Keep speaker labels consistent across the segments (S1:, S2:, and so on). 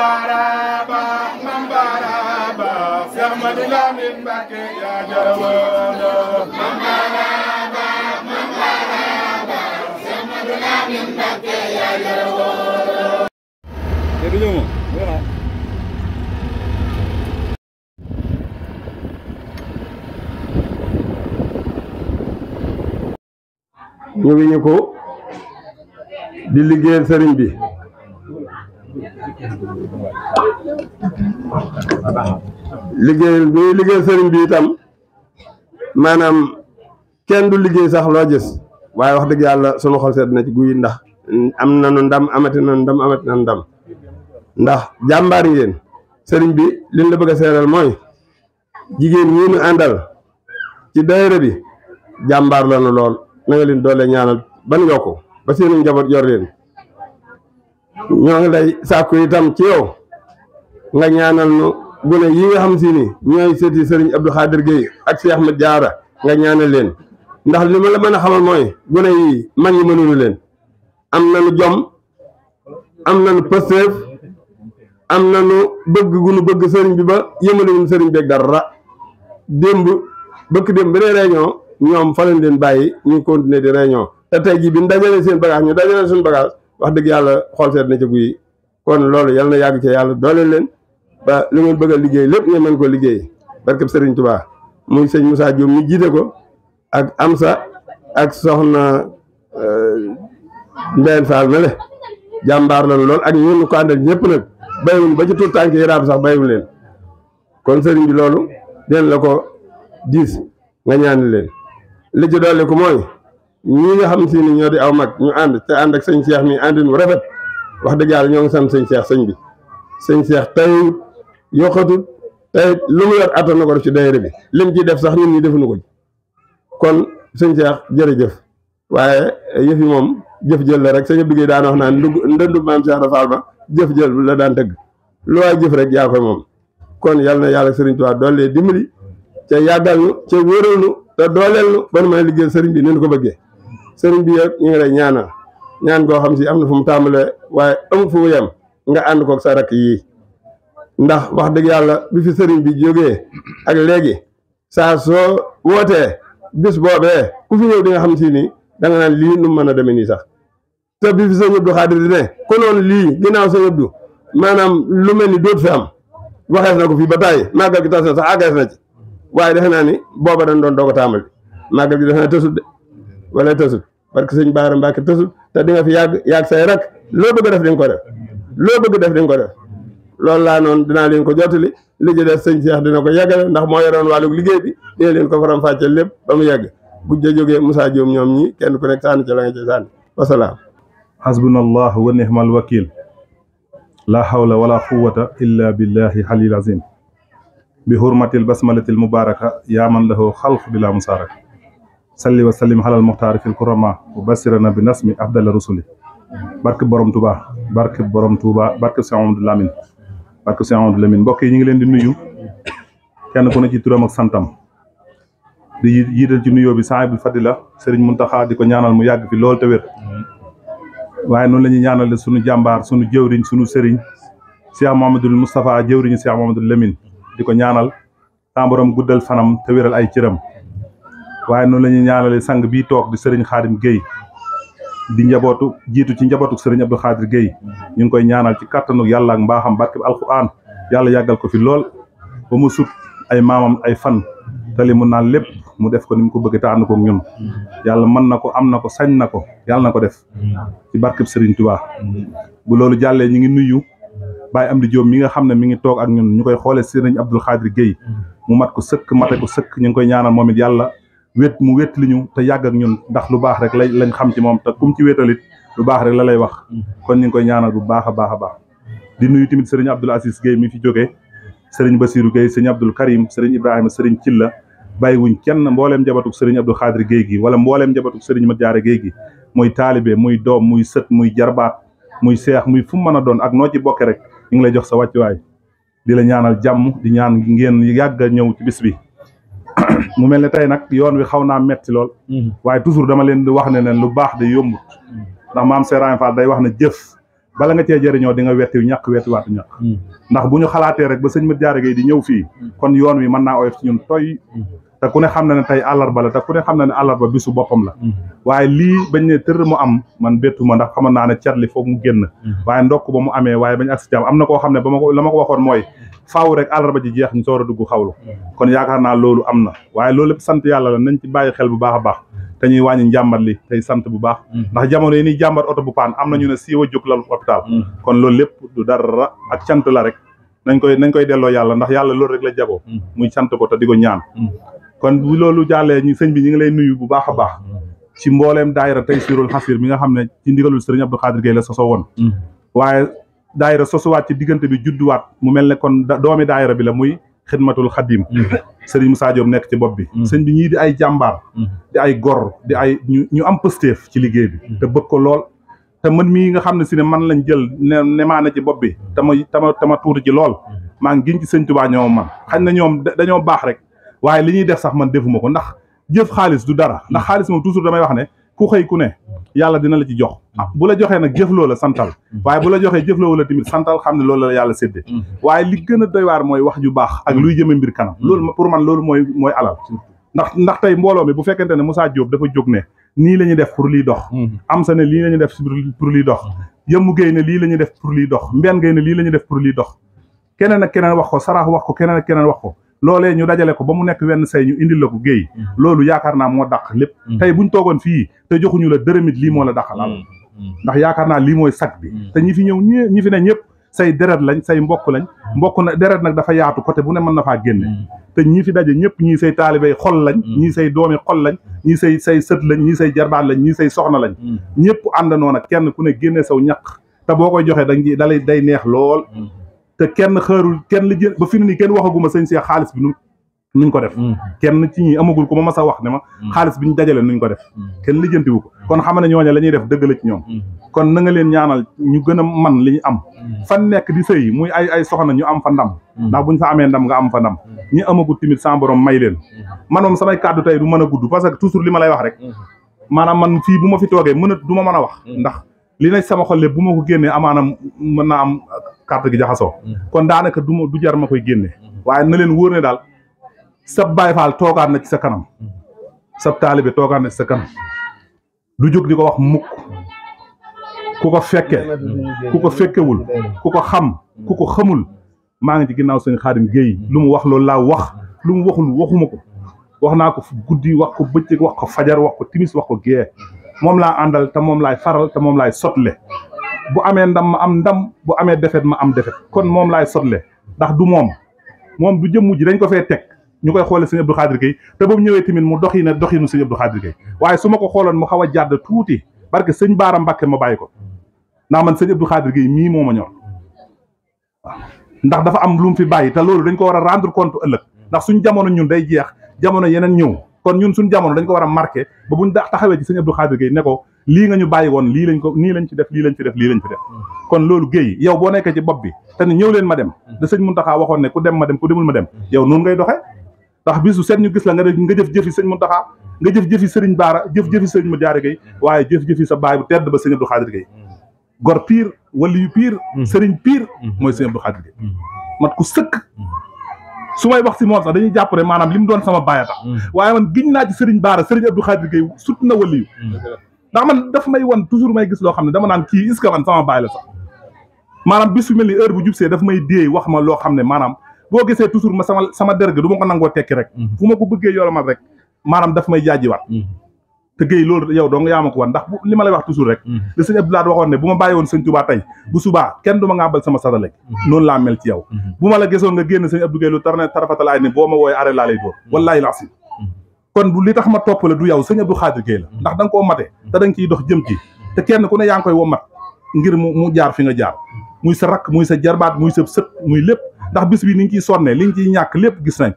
S1: Baraba Mam Baraba
S2: Cheikh Madi Lamine Mbacké yaa jarawoona Mam Baraba Mam Baraba
S1: Cheikh Madi Lamine Mbacké yaa jarawoona
S3: Yéen ñëw moom
S4: ñëwee ñu ko di liggéeyal sëriñ bi liggéey bi liggéey sëriñ bi itam maanaam kenn du liggéey sax loo gis waaye wax dëgg yàlla sunu xol sedd na ci guy ndax am nañu ndam amati nañu ndam amati nañu ndam ndax jàmbaar ngeen sëriñ bi liñ la bëgg a seeral mooy jigéen ñii ñu àndal ci daayira bi jàmbaar lañu lool na nga leen doole ñaanal ban yokku ba seenu njaboot yor leen ñoo ngi lay sàkku tam ci yow nga ñaanal nu gune yi nga xam si ni ñooy seeti sëriñ Abdou Khadir Gueye ak Cheikh Ahmed Diarra nga ñaanal leen ndax li ma la mën a xamal mooy gune yi mag ñi mënuñu leen am na nañu jom am na nañu pësteef am nañu bëgg gu nu bëgg sëriñ bi ba yëmalewuñu sëriñ beeg dara démb bëkk démb ne réunion ñoom fa lañ leen bàyyi ñu continuer di réunion te tey jii bi dajalee seen bagage ñu dajalee suñu bagage wax dëgg yàlla xool seet na ca guy kon loolu yal na yàgg ci yàlla doole leen ba li ngeen bëgg liggéey lépp ngeen mën ko liggéey barkeb Serigne Touba muy sëñ Moussa Diop mi jiite ko ak am sa ak soxna euh, Mbène Fall mele jàmbaar lañu lool ak ñun ko àndal ñëpp nag béyuñ ba ci tuut tànk yi raam sax béyuñ leen kon sëriñ bi loolu den la ko diis nga ñaan leen li ci dolli mooy ñii nga xam si ni ñoo di aw mag ñu ànd te ànd ak sëñ Cheikh mii àndin wu rafet wax dëgg yàlla ñoo ngi sant sëñ Cheikh sëñ bi sëñ Cheikh tey yokkatut tey lu mu yor attan na ko def ci daayira bi lim ciy def sax ñun ñi defuñu ko kon sëñ Cheikh jërëjëf waaye yëf moom jëf jël la rek sëñ Abdou Guèye daan wax naa ndug ndëndu maam Cheikh Rafal ba jëf jël la daan tëgg lu waay jëf rek yaa koy moom kon yàlla na yàlla sëriñ Tuubaa doole dimbali ca yàggal ñu ca wéral ñu te dooleel ñu ba nu bi ni ko bëggee sëriñ bi yow ñu ngi lay ñaanal ñaan koo xam si am na fu mu tàmbalee waaye amu fu mu yem nga ànd kook sa rakk yii ndax wax dëgg yàlla bi fi sëriñ bi jógee ak léegi saa soo wootee bis boobee ku fi ñëw di nga xam si ni danga naan lii nu mën a demee nii sax te bi fi sëñ Abdou Xaadir di ne ko noonu lii ginnaaw sëñ Abdou maanaam lu mel ni doot fi am waxees na ko fii ba tàyyi màggal gi tas na sax àggees na ci waaye defe naa ni booba dañ doon doog a tàmbali màggal gi defe naa tësut wala tasul parce que sëñ Baara Mbàkke tasul te di nga fi yàgg yàgg say rak loo bëgg a def di nga ko def loo bëgg def di nga ko def loolu laa noonu dinaa leen ko jottali li ci def sëñ Cheikh dina ko yeggale ndax moo yoroon wàllug liggéey bi dina leen ko faram fàcceel lépp ba mu yegg buñ ca jógee Moussa Diom ñoom ñi kenn ku nekk sànni ca la nga ci sànni
S2: wasalaam hasbunallah wa nihmal wakil la hawla wala quwwata illa billahi halil azim bi hurmatil basmalatil mubaraka yaa man lahu xalq bila musaaraka salli wa sallim xalal muxtaari fil kurama bu basirana bi nasmi afdal rusuli barke borom Touba barke borom Touba barke Cheikh Amadou Lamine barke Cheikh Amadou Lamine mbokk yi ñu ngi leen di nuyu kenn ku ne ci turam ak santam di yiital ci nuyoo bi saahibul fadila Serigne Mountakha di ko ñaanal mu yàgg fi lool te wér waaye noonu la ñuy ñaanale sunu jàmbaar sunu jëwriñ sunu sëriñ Cheikh Mouhamadoul Moustapha jëwriñu Cheikh Mouhamadoul Lamine di ko ñaanal sa borom guddal fanam te wéral ay cëram waaye noonu la ñuy ñaanale sang bii toog di sëriñ Xaadim Guèye di njabootu jiitu ci njabootu sëriñ Abdou Xaadir Guèye ñu ngi koy ñaanal ci kattanu yàlla ak mbaaxam barke bi alxuraan yàlla yàggal ko fi lool ba mu sut ay maamam ay fan te mu naan lépp mu def ko ni mu ko bëgg tànn ko ñun yàlla mën na ko am na ko sañ na ko yàlla na ko def ci barke sëriñ Tuubaa bu loolu jàllee ñu ngi nuyu am Amdi Diop mi nga xam ne mi ngi toog ak ñun ñu koy xoolee sëriñ Abdou Xaadir Guèye mu mat ko sëkk mate ko sëkk ñu ngi koy ñaanal moom it yàlla wét mu wét li ñu te yàgg ak ñun ndax lu baax rek lay lañ xam ci moom te kum ci wéetalit lu baax rek la lay wax kon ñu ngi koy ñaanal bu baax a baax a baax di nuyu tamit sëriñ Abdoul Aziz Guèye mi fi jógee sëriñ Basirou Guèye sëriñ Abdoul Karim sëriñ Ibrahima sëriñ Cilla bàyyiwuñ kenn mbooleem jabatug sëriñ Abdou Xaadir Guèye gi wala mbooleem jabatug sëriñ Mat Jaare géey gi muy taalibe muy doom muy sët muy jarbaat muy seex muy fu mën a doon ak noo ci bokke rek ñu ngi lay jox sa wàccuwaay di la ñaanal jàmm di ñaan ngeen yàgg a ñëw ci mu mel ni tey nag yoon wi xaw naa metti lool mm-hmm. waaye toujours dama leen di wax ne leen lu baax de yombut mm-hmm. ndax maam Serigne Fall day wax ne jëf bala nga cee jëriñoo di nga wetti ñàkk wetti waatu ñàkk mm-hmm. ndax bu ñu xalaatee rek ba sëñ Mat Jaara Gay di ñëw fii kon yoon wi mën naa oyof ci ñun toy te ku ne xam na ne tey àllarba la te ku ne xam na ne àllarba bisu boppam la waaye lii bañ ne tër mu am man bettu ma ndax xamoon naa ne cat foog mu génn waaye ndokk ba mu amee waaye bañ ak si am na koo xam ne ba ma la ma waxoon mooy faaw rek alarba ji jeex ñu soora duggu xawlu hmm. kon yaakaar naa loolu am na waaye loolu lépp sant yàlla la nañ ci bàyyi xel bu baax a baax hmm. te ñuy wàññi njàmbat li tey sant bu baax hmm. ndax jamono yi ni jàmbat oto bu paan am na ñu ne siiwa jóg la hôpital kon loolu lépp du dara ak cant la rek nañ koy nañ koy delloo yàlla ndax yàlla loolu rek la jago muy ko te di ñaan kon bu loolu jàllee ñu sëñ bi ñu ngi lay nuyu bu baax a baax ci mbooleem daayira tey siirul xasir mi nga xam ci ndigalul sëriñ Abdou Khadir Gueye la soso woon waaye daayira wat ci digënté bi wat mu melni kon doomi daayira bi la muy khidmatul khadim mm-hmm. sëriñ Moussa diom nek ci bop bi mm-hmm. bi ñi di ay jambar mm-hmm. di ay gor di ay ñu am pësteef ci liggéey bi te bëgg ko lool te man mi nga xamne ne ne man lañ jël ne nemaa na ci bop bi tama tama tama tuuti ci lool ma ngi giñ ci sëñ touba ñoo man xañ na ñoom dañoo bax rek waye li ñi def sax man defuma ndax jëf xaaliss du dara ndax xaaliss mo toujours damay wax ne ku xey ku ne yàlla dina la ci jox mm-hmm. ah, bu la joxee nag jëfloo la santal mm-hmm. waaye bu la joxee jëfloo la tamit santal xam ne loolu la yàlla séddee mm-hmm. waaye li gën a doy waar mooy wax ju baax ak luy jëme mbir kanam loolu pour man loolu mooy mooy alal ndax ndax tey mbooloo mi bu fekkente ne Moussa jóob dafa jóg ne nii la ñuy def pour liy dox am sa ne lii la ñuy def pour liy dox yëmmu géy ne lii la ñuy def pour liy dox mbenn géy ne lii la ñuy def pour liy dox keneen ak keneen wax ko saraax wax ko keneen ak wax ko loole ñu dajale ko ba mu nekk wenn say ñu indil la ko géey mm-hmm. loolu yaakaar naa moo dàq lépp mm-hmm. tey buñ toogoon fii te joxuñu la dërëmit lii moo la dàqalal
S1: mm-hmm.
S2: ndax yaakaar naa lii mooy sag bi te ñi fi ñëw ñi ñi fi ne ñëpp say deret lañ say mbokk lañ mbokk na deret nag dafa yaatu côté bu ne mën na faa génne te ñi fi daje ñëpp ñii say taalibey xol lañ ñii say doomi xol lañ ñii say say sët lañ ñii say jarbaat lañ ñii say soxna lañ ñëpp àndandoo nag kenn ku ne génne saw ñaq te boo koy joxee dañ dalay day neex lool te kenn xaarul kenn jël ba fi mu ne nii kenn waxaguma sëñ Cheikh xaalis bi nu nuñ ko def kenn ci ñi amagul ko ma mas a wax ne ma xaalis bi ñu dajale nuñ ko def kenn lijjantiwu ko kon xam ne ñooñu la ñuy def dëgg la ci ñoom kon na nga leen ñaanal ñu gën a man li ñu am fan nekk di sëy muy ay ay soxna ñu am fa ndam ndax buñ fa amee ndam nga am fa ndam ñi amagul timit sans borom may leen man samay kàddu tey du mën a gudd parce que toujours li ma lay wax rek maanaam man fii bu fi toogee mën a du wax ndax li na sama xol lépp ko génnee amaanam mën am carte gi jaxasoo mm-hmm. kon daanaka du ma du jar ma koy génne mm-hmm. waaye na leen wóor ne daal sa Baay Faal toogaat na ci sa kanam mm-hmm. sa taalibe toogaat na ci sa kanam du jóg di ko wax mukk ku ko fekke ku ko fekkewul ku ko xam ku ko xamul maa ngi ci ginnaaw sëñ Xaadim Géey lu mu wax loolu laa wax lu mu waxul waxuma ko wax naa ko guddi wax ko bëccëg wax ko fajar wax ko timis wax ko gée moom laa àndal te moom laay faral te moom lay sotle bu amee ndam ma am ndam bu amee defet ma am defet kon moom laay sotle ndax du moom moom du jëmmu ji dañ ko fee teg ñu koy xoolee sëñ Abdou Khadir Gueye te ba mu ñëwee tamit mu doxi na doxinu sëñ Abdou Khadir Gueye waaye su ma ko xooloon mu xaw a jàdd tuuti barke sëñ Baara Mbàkke ma bàyyi ko ndax man sëñ Abdou Khadir Gueye mii moom a ñor waaw ndax dafa am lu mu fi bàyyi te loolu dañ ko war a rendre compte ëllëg ndax suñ jamono ñun day jeex jamono yeneen ñëw kon ñun suñ jamono dañ ko war a marqué ba buñ taxawee ci sëñ Abdou Khadir Gueye ne ko lii nga ñu bàyyi woon lii lañ ko nii lañ ci def lii lañ ci def lii lañ ci def kon loolu géey yow boo nekkee ci bopp bi te ne ñëw leen ma dem da sëñ Muntaxa waxoon ne ku dem ma dem ku demul ma dem yow noonu ngay doxee ndax bisu seet ñu gis la nga nga jëf jëfi sëñ Muntaxa nga jëf jëfi sëriñ Baara jëf jëfi sëriñ ma jaare gay waaye jëf jëfi sa baay bu ba sëñ Abdou Xaadir gay gor piir waliyu piir sëriñ piir mooy sëñ Abdou Xaadir gay mat sëkk su may wax si moom sax dañuy jàpp ne maanaam li mu doon sama baay a mm. waaye man giñ naa ci sëriñ Baara sëriñ Abdou Xaadir gay sut na waliyu ndax man daf may wan toujours may gis loo xam ne dama naan kii est-ce que sama baay la sax maanaam bis fu mel ni heure bu jubsee daf may déey wax ma loo xam ne maanaam boo gisee toujours ma sama sama derg du ma ko nangoo tekki rek mhm. fu ma ko bëggee yoolamal rek maanaam daf may jaajiwaat mhm. te géy loolu yow dong yaa ma ko wan ndax li ma lay wax toujours rek mhm. li sëñ Abdoulaye waxoon ne bu ma bàyyi woon sëñ Touba tey bu subaa kenn du ma ngàbbal sama satale noonu laa mel ci yow bu ma la gisoon génn sëñ Abdou Gueye lu tar ne tarafatalaay ni boo ma wooye arrêt laa lay dóor kon bu li tax ma topp la du yow sëñ Abdou Khadir Gueye la mm-hmm. ndax da ko koo mate te da nga dox jëm ci mm-hmm. te kenn ku ne yaa ngi koy womat ngir mu mu jaar fi nga jaar mm-hmm. muy sa rakk muy sa jarbaat muy sa sët muy lépp ndax bis bi ni ñu ciy sonne li ñu ciy ñàkk lépp gis nañ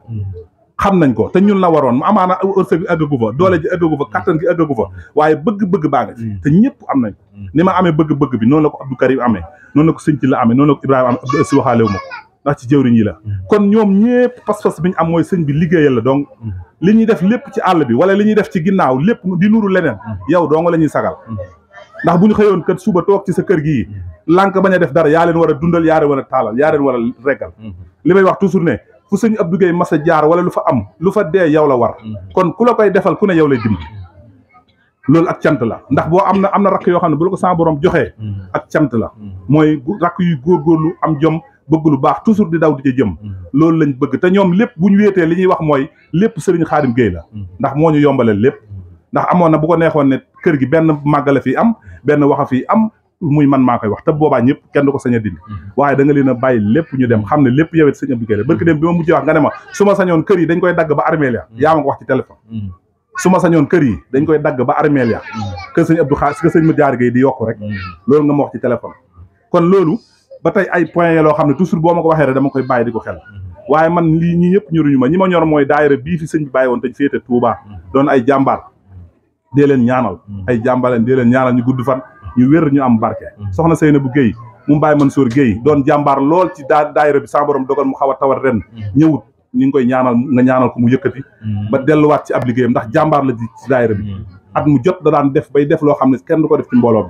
S2: xam nañ ko te ñun la waroon mu na ërsa bi ëggagu fa doole ji ëggagu fa kattan gi ëggagu fa waaye bëgg-bëgg baa nga ci te ñëpp am nañ ni ma amee bëgg-bëgg bi noonu la ko Abdou Karim amee noonu la ko sëñ la amee noonu la ko Ibrahima waxaale wu ndax ci jëwriñ yi la mm-hmm. kon ñoom ñëpp pas-pas bi ñu am mooy sëñ bi liggéeyal la donc mm-hmm. li ñuy def lépp ci àll bi wala li ñuy def ci ginnaaw lépp di nuru leneen mm-hmm. yow doo nga la ñuy sagal ndax bu ñu xëyoon kat suba toog ci sa kër gi lànk bañ a def dara yaa leen war a dundal yaa leen war a taalal yaa leen war a reggal li may wax toujours ne fu sëñ Abdou Gueye mas jaar wala lu fa am lu fa dee yow la war kon ku la koy defal ku ne yow lay dimbali loolu ak cant la ndax boo am na am na rakk yoo xam ne bu la ko sa borom joxee ak cant la mooy rakk yu góorgóorlu am jom bëgg lu baax toujours di daw di ca jëm mm-hmm. loolu lañ bëgg te ñoom lépp bu ñu wéetee li ñuy wax mooy lépp sëriñ Xaadim Géey la mm-hmm. ndax moo ñu yombaleel lépp mm-hmm. ndax amoon na bu ko neexoon ne kër gi benn màggale fii am benn waxa fii am muy man maa koy wax te boobaa ñëpp kenn du ko sañ a dindi waaye da nga leen a bàyyi lépp ñu dem xam ne lépp yowet sëñ Abdou Guèye la barki dem bi ma mujjee wax nga ne ma su ma sañoon kër yi dañ koy dagg ba armeel ya yaa ma ko wax ci téléphone su ma sañoon kër yi dañ koy dagg ba armeel ya kër sëñ Abdou Xaar si kër sëñ ma jaar Guèye di yokku rek loolu nga ma wax ci ba tey ay points loo xam ne toujours boo ma ko waxee rek dama koy bàyyi di ko xel waaye man lii ñi ñëpp ñoruñu ma ñi ma ñor mooy daayira bii fi sëñ bi bàyyi woon te féete Touba doon ay jàmbaar dee leen ñaanal ay jàmbaaleen dee leen ñaanal ñu gudd fan ñu wér ñu am barke soxna bu géey mu Baye Mansour géey doon jàmbaar lool ci daa daayira bi sa borom dogal mu xaw a tawat ren ñëwut ñu ngi koy ñaanal nga ñaanal ko mu yëkkati ba delluwaat ci ab liggéey ndax jàmbaar la ci daayira bi mm. at mu jot da def bay def loo xam ne kenn du ko def ci mbooloo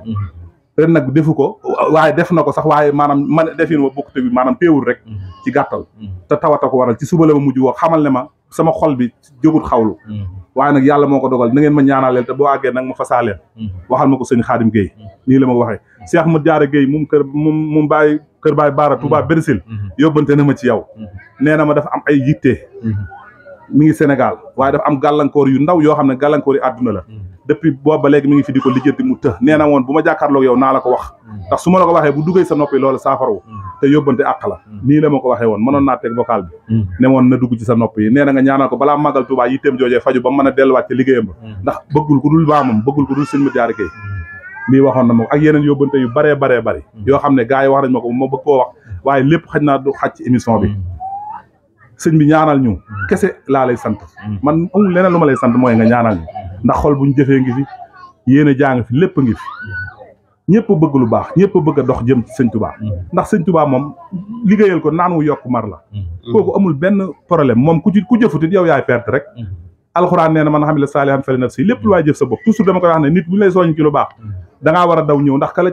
S2: ren nag defu ko waaye def na ko sax waaye maanaam man defin ma bokk te bi maanaam teewul rek mhm. ci gàttal mhm. te tawata ko waral ci suba la ma mujj woo xamal ne ma sama xol bi jógut xawlu mhm. waaye nag yàlla moo ko dogal na ngeen ma ñaanaleel te boo àggee nag ma fasaaleen waxal ma ko sëñ Xaadim géey nii la ma ko waxee Cheikh ma jaar Guèye moom kër moom moom bàyyi kër baay baara Touba Bersil yóbbante na ma ci yow nee na ma dafa am ay yitte mi ngi Sénégal waaye dafa am gàllankoor yu ndaw yoo xam ne gàllankoor yi àdduna la mm-hmm. depuis boobu ba léegi ngi fi di ko lijjanti mu të nee na woon bu ma jàkkaarloog yow naa la ko wax mm-hmm. ndax su ma la ko waxee bu duggee sa noppi loolu saafarawu mm-hmm. te yóbbante àq la nii la ma ko waxee woon mënoon naa teg vocal bi ne woon na dugg ci sa nopp yi nee na nga ñaanal ko balaa màggal Tuubaa yitteem joojee faju ba mën a delluwaat ci liggéeyam ba ndax bëggul ku waxoon na ma ko yeneen yóbbante yu baree baree bari yoo xam ne gars yi wax nañ ko ma bëgg koo wax waaye lépp xaj naa du xaj bi sëñ bi ñaanal ñu mm. kese laa lay sant mm. man amul leneen lu ma lay sant mooy nga ñaanal ñu mm. ndax xol ñu jëfee ngi fi yéen a jaa fi lépp ngi fi ñëpp bëgg lu baax ñëpp bëgg a dox jëm ci sëñ tubaa ndax sëñ tubaa moom liggéeyal ko naan wu yokk mar la kooku amul benn problème moom ku ci ku jëfutit yow yaay perte rek alxuraan nee na man xam ne la saalihan fali nafsi lépp lu waay jëf sa bopp toujours dama koy wax ne nit ñu lay soññ ci lu baax dangaa war a daw ñëw ndax ka la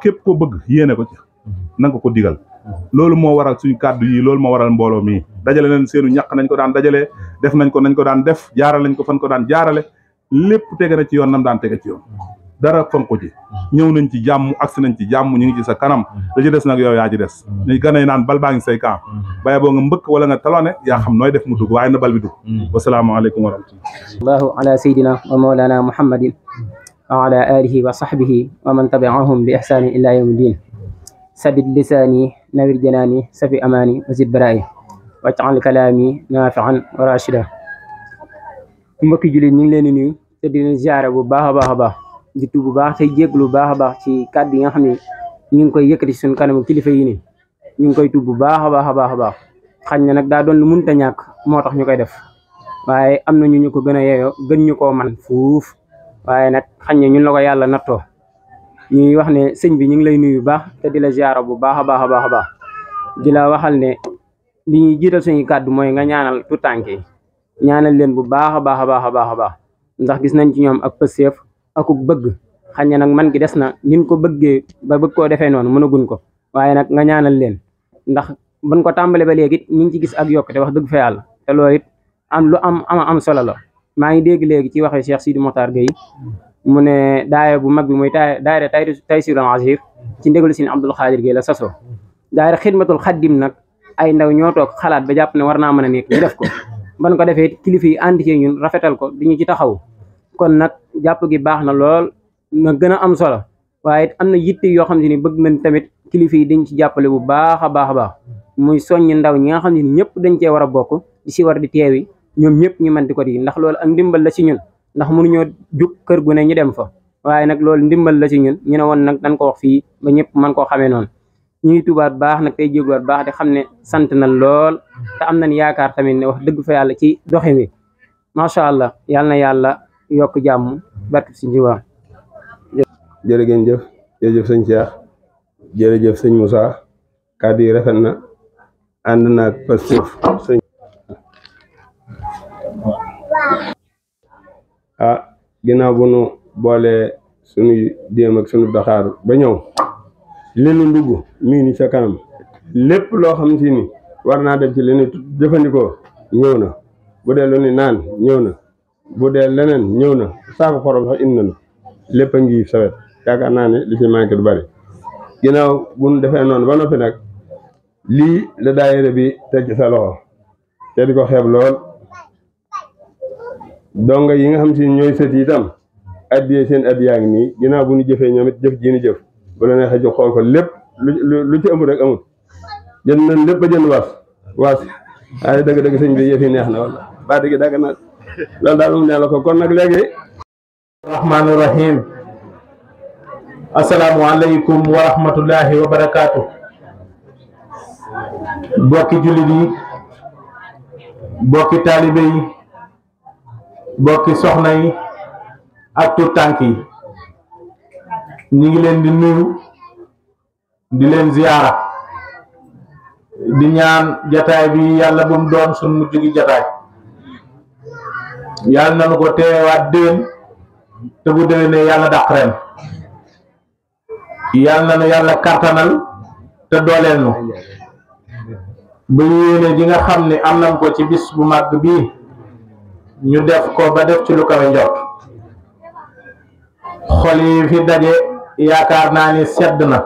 S2: képp koo bëgg yéene ko nanga ko digal loolu moo waral suñu kàddu yi loolu moo waral mbooloo mi dajale nañ seenu ñàq nañ ko daan dajale def nañ ko nañ ko daan def jaarale nañ ko ko daan jaarale lépp tege na ci yoon nam daan tege ci yoon dara fan ko ci ñëw nañ ci jàmm agsi nañ ci jàmm ñu ngi ci sa kanam da ci des nag yow yaa ci des ñu gën a naan bal baa ngi say camp bàyyi boo nga mbëkk wala nga talone yaa xam nooy def mu dugg waaye na bal bi dugg wasalaamaaleykum wa rahmatullah
S5: allahu ala sayyidina wa mawlana muhammadin wa ala alihi wa sahbihi wa man tabi'ahum bi ihsanin ila yawmi din sabit lisaani nawir janaani safi amaani wasid baraayi waj'al na naafi'an wa raashida mbokki jullit ñu ngi leen di nuyu te di leen bu baax a baax a baax di tuub bu baax tey jéglu bu baax a baax ci kàddu yi nga xam ne ñu ngi koy yëkkati suñu kanamu kilifa yi nii ñu ngi koy tuub bu baax a baax a baax a baax xañ na nag daa doon lu mënta moo tax ñu koy def waaye am na ñu ñu ko gën a yeeyoo gën ñu koo man fuuf waaye nag xañ na ñun la ko yàlla nattoo ñuy wax ne señ bi ñi ngi lay nuyu baax te di la ziara bu baaxa baaxa baax baax a di la waxal ne li ñuy jiital suñu kàddu mooy nga ñaanal tu tànk ñaanal leen bu baaxa baaxa baaxa a baax baax ndax gis nañ ci ñoom ak pëseef ak bëgg xañ na nag man gi des na nin ko bëggee ba bëgg koo defee noonu mënagun ko waaye nag nga ñaanal leen ndax buñ ko tàmbale ba léegi it ñu ngi ci gis ak te wax dëgg fa yàlla te loolu it am lu am am am solo la maa ngi dégg léegi ci waxe Cheikh Sidi mohtar Gueye mu ne daayira bu mag bi mooy ta daayira Taysiirul Asiir ci ndégalu Sëriñ Abdul Xaadir Géey la sasoo daayira Xidmatul Xaddim nag ay ndaw ñoo toog xalaat ba jàpp ne war naa man a nekk ñu def ko ban ko defee kilifa yi ànd ci ñun rafetal ko di ñu ci taxaw kon nag jàpp gi baax na lool na gën a am solo waaye am na yitte yoo xam ne bëgg nañ tamit kilifa yi dañ ci jàppale bu baax a baax a baax muy soññ ndaw ñi nga xam ne ñëpp dañ cee war a bokk di si war di teewi ñoom ñëpp ñu mën di ko di ndax loolu ak ndimbal la ci ñun ndax mënuñoo jug kër gu ne ñu dem fa waaye nag loolu ndimbal la ci ñun ñu ne woon nag dañ ko wax fii ba ñëpp man koo xamee noonu ñuy tubaat baax nag tey jégaluwaat baax di xam ne sant na lool te am nañ yaakaar tamit ne wax dëgg fa yàlla ci doxin wi macha allah yal na yàlla yokk jàmm barke si njiwaam.
S4: jërëjëf jërëjëf sëñ Cheikh jërëjëf sëñ Moussa kàddu yi rafet na ànd naag Pastef a ah, ginnaaw bu nu boolee suñu jéem ak suñu doxaar ba ñëw li nu ndugg mii ni sa kanam lépp loo xam si ni war naa def ci li nu jëfandikoo ñëw na bu dee lu ni naan ñëw na bu dee leneen ñëw na saako xorom sax indi na lépp a ngi sawet yaakaar naa ne li ci manqué du bari ginnaaw bu nu defee noonu ba noppi nag lii la daayira bi teg ci sa loxo te di ko xeeb lool donga yi nga xam si ñooy sët itam addiyee seen add yaa ni nii bu ñu jëfé ñoom jëf jii ni jëf bu la neexee jox xol ko lepp lu lu ci amul rek amul jënd na lepp ba jënd was was ay dëgg dëgg sëñ bi yëf yi neex na wala ba dëgg dàgg na lool daal mu neex la ko kon nag léegi rahmaani rahim
S3: alaykum wa rahmatullahi wa barakatuh bokki jullit yi bokki talibé yi bokki soxna yi ak tout tanki ñi ngi leen di nuyu di leen ziyara di ñaan jataay bi yàlla bu mu doon sun mujj gi jataay yàlla nanu ko teewaat déen te bu ne yàlla dàq ren yàlla nanu yàlla kartanal te dooleel nu ba yéene gi nga xam am nañ ko ci bis bu màgg bii ñu def ko ba def ci lu kawe xol yi fi daje yaakaar naa ni sedd na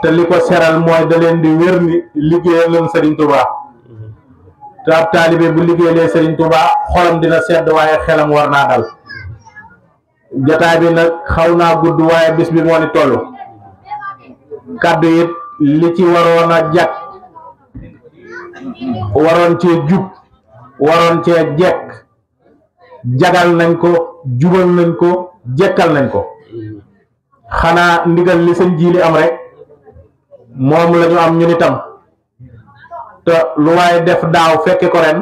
S3: te li ko seral mooy da leen di wér ni liggéeyal leen Serigne Touba te ab taalibe bu liggéeyalee Serigne Touba xolam dina sedd waaye xelam war naa dal jataay bi nag xaw naa gudd waaye bis bi moo ni toll kàddu it li ci waroon a jàkk waroon ci jub waroon cee jekk jagal nañ ko jubal nañ ko jekkal nañ ko xanaa ndigal li sëñ jiili am rek moom la ñu am ñu nitam te lu waaye def daaw fekke ko ren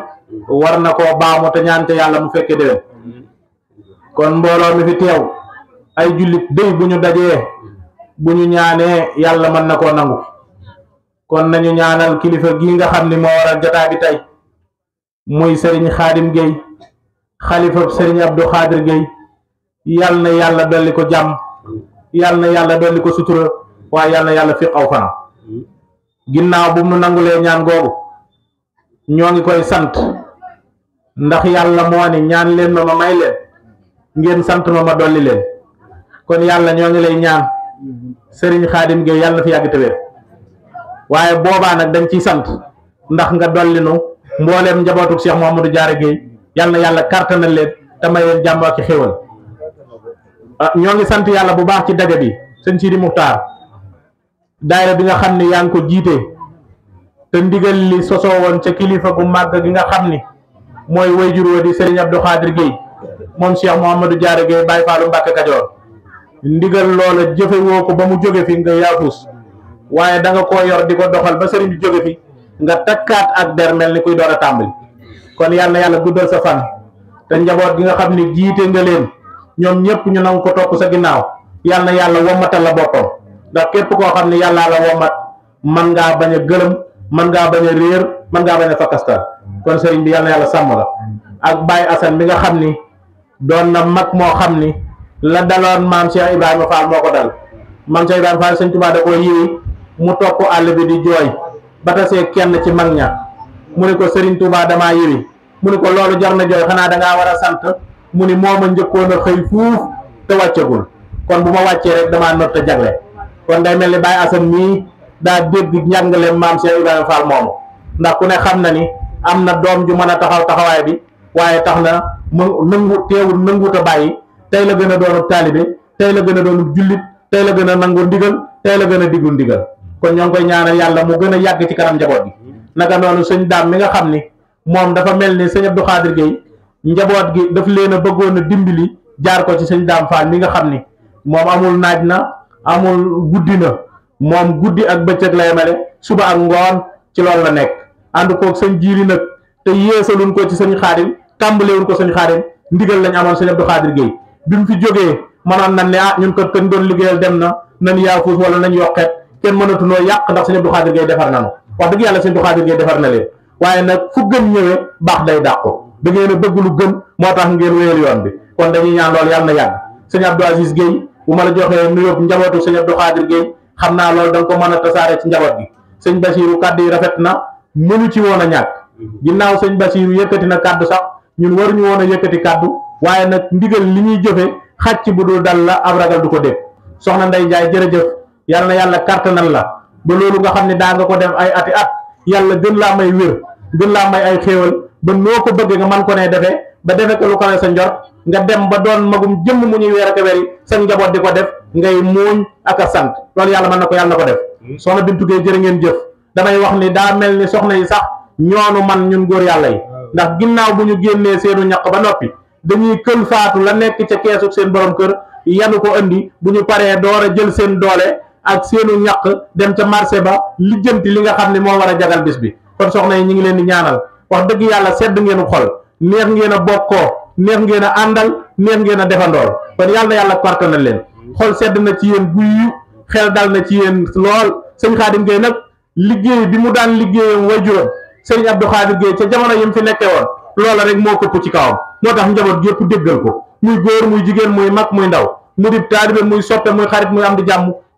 S3: war na koo baamu te ñaan ca yàlla mu fekke déwén kon mbooloo mi fi teew ay jullit day bu ñu dajee bu ñu ñaanee yàlla mën na koo nangu kon nañu ñaanal kilifa gii nga xam ni moo waral jotaay bi tey muy sëriñ xaadim Gueye xalifab Serigne Abdou Khadir géey yal na yàlla dolli ko jàmm yal na yàlla dolli ko sutura waaye yàlla yàlla fiq aw fanam ginnaaw bu mu nangulee ñaan googu ñoo ngi koy sant ndax yàlla moo ni ñaan leen ma may leen ngeen sant ma ma dolli leen kon yàlla ñoo ngi lay ñaan sëriñ xaadim géey yàlla na fi yàgg te waaye boobaa nag dañ ci sant ndax nga dolli mbollem njabootuk Cheikh Mouhamadou diar Gueye yal yalla yàlla kartanal leen te may leen jàmm ak xéwal ah, ñoo ngi sant yalla bu baax ci dajje bi sëñ Sidi Muxtaar daayira bi nga xamni ni ko jité te ndigal li soso won ci kilifa bu mag gi nga xamni moy mooy wayjur wa di Abdou Khadir Gueye mom Cheikh Mouhamadou diar Gueye Baye fallu Mbacke ndigal jëfé woko ba mu joggé fi nga waye da nga ko yor di doxal ba sëriñ bi joggé fi nga takkaat ak der melni kuy doora tambali kon yalla yalla guddal sa fan te njabot gi nga xamni ne nga len ñom ñepp ñu nang ko top sa ginaaw yalla yalla womata la boppam da képp ko xamni yalla la womat man nga baña a man nga baña reer man nga baña fakasta kon serigne bi yalla yalla sàmm la ak bay asan bi nga xamni na mak mo xamni la dalon mam Cheikh Ibrahima Fall moko dal mam Cheikh Ibrahima Fall serigne touba da ko yewi mu top bi di joy ba tasee kenn ci mag ña mu ne ko Serigne Touba damaa yëwi mu ne ko loolu jar na jooy xanaa dangaa war a sant mu ni moom a njëkkoon a xëy fuuf te wàccagul kon bu ma wàccee rek damaa notta jagle kon day mel ni Baye Assane mii daa dégg njàngale maam Cheikh Ibrahima Fall moomu ndax ku ne xam na ni am na doom ju mën a taxaw taxawaay bi waaye tax na mu nangu teewul nanguut a bàyyi tey la gën a doonub taalibe tey la gën a doonub jullit tey la gën a nangu ndigal tey la gën a diggu ndigal kon ñoo ngi koy ñaanal yàlla mu gën a yàgg ci kanam njaboot gi naka noonu sëñ daam mi nga xam ni moom dafa mel ni sëñ Abdou Khadir Gueye njaboot gi daf leen a bëggoon a dimbali jaar ko ci sëñ daam Fall mi nga xam ni moom amul naaj na amul guddi na moom guddi ak bëccëg lay male suba ak ngoon ci loolu la nekk ànd koog sëñ jiiri nag te yeesaluñ ko ci sëñ xaadim tàmbalewuñ ko sëñ xaadim ndigal lañ amoon sëñ Abdou Khadir Gueye bi mu fi jógee mënoon nañ ne ah na nañ yaafuus wala nañ yokket kenn mënatu noo yàq ndax sëñ Abdou Khadir Gaye defar nanu wax dëgg yàlla sëñ Abdou Khadir Gaye defar na leen waaye nag fu gën ñëwee baax day dàqu da ngeen a bëgg lu gën moo tax ngeen wéyal yoon bi kon dañuy ñaan loolu yàlla na yàgg sëñ Abdou Aziz Guèye bu ma la joxee nuyoo njabootu sëñ Abdou Khadir Guèye xam naa loolu da ko mën a tasaare ci njaboot gi sëñ Basiru kàddu yi rafet na mënu ci woon a ñàkk ginnaaw sëñ Basiru yëkkati na kàddu sax ñun waruñu woon a yëkkati kàddu waaye nag ndigal li ñuy jëfe xàcc bu dul dal la ab ragal du ko dégg soxna yal na yàlla kàttanal la ba loolu nga xam ne daa nga ko dem ay ati at yàlla gën laa may wér gën laa may ay xéewal ba noo ko bëggee nga man ko ne defee ba defee ko lu kawe sa njor nga dem ba doon magum jëmm mu ñuy weer ak weer sa njaboot di ko def ngay muuñ ak a sant loolu yàlla man na ko yàlla ko def soxna Bintu Gueye jërë ngeen jëf damay wax ni daa mel ni soxna yi sax ñoonu man ñun góor yàlla yi ndax ginnaaw bu ñu génnee seenu ñaq ba noppi dañuy kël faatu la nekk ca keesu seen borom kër yanu ko andi bu ñu paree door jël seen doole ak seenu ñaq dem ca marché ba lijjanti li nga xam ne moo war a jagal bis bi kon soxna yi ñu ngi leen di ñaanal wax dëgg yàlla sedd ngeen xol neex ngeen a bokkoo neex ngeen a àndal neex ngeen a defandoor kon yàlla na yàlla kàttanal leen xol sedd na ci yéen guyu xel dal na ci yéen lool sëñ Xaadim Gueye nag liggéey bi mu daan liggéeyam waajuram sëñ Abdou Xaadim Gueye ca jamono yi mu fi nekkee woon loola rek moo këpp ci kawam moo tax njaboot gépp déggal ko muy góor muy jigéen muy mag muy ndaw mu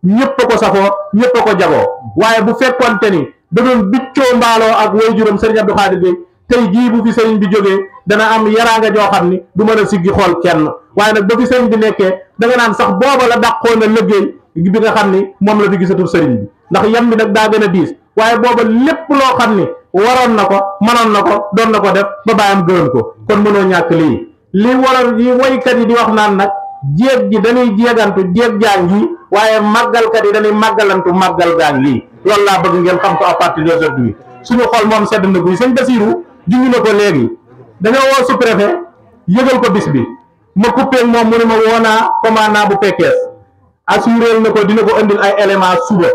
S3: ñëpp a ko safoo ñëpp a ko jagoo waaye bu fekkonte ni da doon biccoo mbaaloo ak waajuram sëriñ Abdou Khadir Gueye tey jii bu fi sëriñ bi jógee dana am yaraanga joo xam ni du mën a siggi xool kenn waaye nag ba fi sëriñ bi nekkee da nga naan sax booba la dàqoon a liggéey bi nga xam ni moom la fi gisatu sëriñ bi ndax yam bi nag daa gën a diis waaye booba lépp loo xam ni waroon na ko mënoon na ko doon na ko def ba bàyyam gërëm ko kon mënoo ñàkk lii li wax naan nag jeeg ji dañuy jeeg jéeg jàngi waaye kat yi dañuy màggalantu màggal gaan lii loolu laa bëgg ngeen xam ko à partir d'aujourd'hui suñu xol moom sedd na guy sëñ Basiru junj na ko léegi dañoo woo su préfet yëgal ko bis bi ma coupé moom mu ne ma woo naa commandant bu Pekes assuréel na ko dina ko andil ay élément suba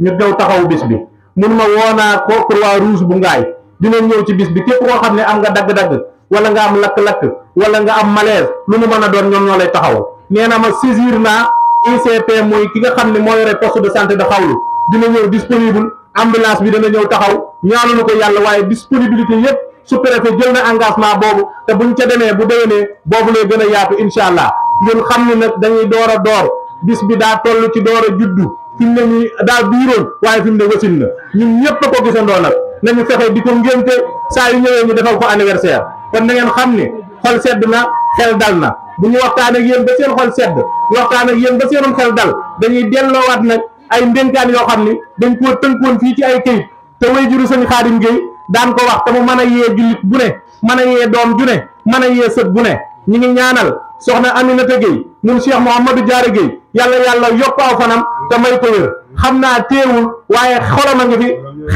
S3: ñu daw taxaw bis bi mu ne ma woo naa ko Croix Rouge bu ngaay dina ñëw ci bis bi képp koo xam ne am nga dagg-dagg wala nga am lakk-lakk wala nga am malaise lu mu mën a doon ñoom ñoo lay taxaw nee na ma saisir naa ICP mooy ki nga xam ne moo yore poste de santé de xawlu dina ñëw disponible ambulance bi dana ñëw taxaw ñaanuñu ko yàlla waaye disponibilité yëpp sous-préfet jël na engagement boobu te bu buñ ca demee bu déwénee boobu lay gën a yaatu incha allah ngeen xam ne nag dañuy door door bis bi daa toll ci door a juddu fi mu ne nii daa duuroon waaye fi mu ne wasin na ñun ñëpp a ko gisandoo di ko ngénte saa yu ñëwee ko anniversaire kon na ngeen xam xol sedd na xel dal na bu ñu waxtaan ak yéen ba seen xol sedd waxtaan ak yéen ba seenum xel dal dañuy delloowaat nag ay ndénkaan yoo xam ni dañ koo tënkoon fii ci ay këyit te way juru sëñ Xaadim Géey daan ko wax te mu man a yee jullit bu ne mën a yee doom ju mën a yee sët bu ne ñi ngi ñaanal soxna Aminata Géey moom Cheikh Mouhamadou Diarra Gueye yàlla yàlla yokk aw fanam te may ko wér xam naa teewul waaye xolam a ngi fi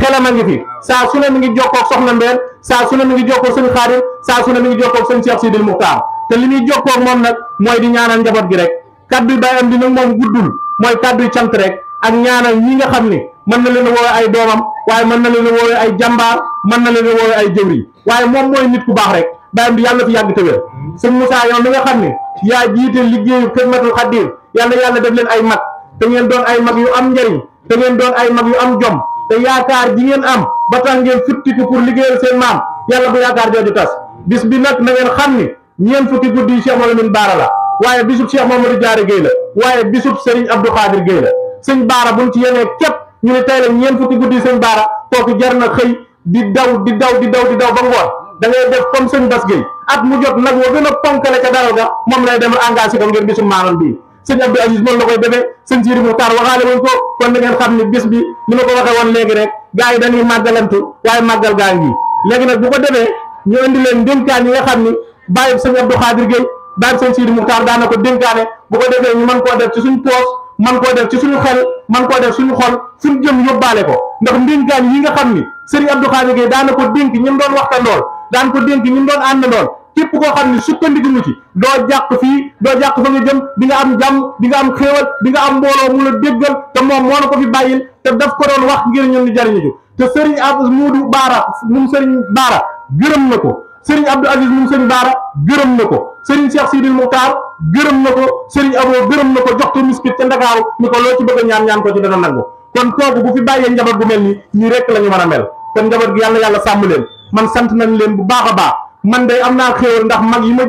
S3: xelam a ngi fi saa su ne mi ngi jokkoo soxna Mbène saa su ne mi ngi jokkoo sëñ Xaadim saa su ne mi ngi jokkoo sëñ Cheikh Sidil Muxtaar te li ñuy jokkoo moom nag mooy di ñaanal njaboot gi rek kaddu bay am di nag moom guddul mooy kaddu cant rek ak ñaanal ñi nga xam ne mën na leen a woowee ay doomam waaye mën na leen a woowee ay jàmbaar mën na leen a woowee ay jëwri waaye moom mooy nit ku baax rek bay am di yàlla fi yàgg tëwér sëñ Moussa yow mi nga xam ne yaa jiite liggéeyu Xidmatul Xaadim yàlla yàlla def leen ay mag te ngeen doon ay mag yu am njëriñ te ngeen doon ay mag yu am jom te yaakar gi ngeen am ba tax ngeen ko pour liggéeyal seen maam yalla bu yaakar jodi tas bis bi nak na ngeen xamni ñeen fukki guddi cheikh mohammed min bara la waye bisub Cheikh mohammed Diarra geey la waye bisub Serigne Abdou Khadir geey la seen bara buñ ci yene kep ñu ni tey la ñeent fukki guddi seen bara koku jar na xey di daw di daw di daw di daw ba ngoon da ngay def comme seigne bass geey at mu jot nak wo gëna a ponkale ca dara ga moom lay dem engagé ko ngeen bisub maamal bi sëñ Abdou Aziz noonu la koy defee sëñ Sidi Muxtaar waxaale woon ko kon da xam ne bis bi ni ma ko waxee woon léegi rek gars yi dañuy màggalantu waaye màggal gaa ngi léegi nag bu ko defee ñu indi leen dénkaan yi nga xam ni bàyyi sëñ Abdou Xaadir Gueye bàyyi sëñ Sidi Muxtaar daana ko dénkaane bu ko defee ñu mën koo def ci suñu poos man koo def ci suñu xel man koo def suñu xol suñu jëm yóbbaale ko ndax ndénkaan yi nga xam ni sëriñ Abdou Xaadir Gueye daana ko dénk ñi mu doon waxtandool daan ko dénk ñi mu doon àndandool képp koo xam ne sukkandiku nga ci doo jàq fii doo jàq fa nga jëm bi nga am jàmm di nga am xéewal di nga am mbooloo mu la déggal te moom moo la ko fi bàyyil te daf ko doon wax ngir ñun ñu jariñu ju te sëriñ Abdou Muudu Baara moom sëriñ Baara gërëm na ko sëriñ Abdou Aziz moom sëriñ Baara gërëm na ko sëriñ Cheikh Sidil Moukhtar gërëm na ko sëriñ Abo gërëm na ko jox ko miskit ca Ndakaaru ko loo a ñaan ñaan ko ci dana nangu kon kooku bu fi bàyyee njaboot bu mel ni ñii rek la ñu mën a mel kon njaboot gi yàlla yàlla sàmm leen man sant nañ leen bu baax a baax man day amna xew ndax mag yi ma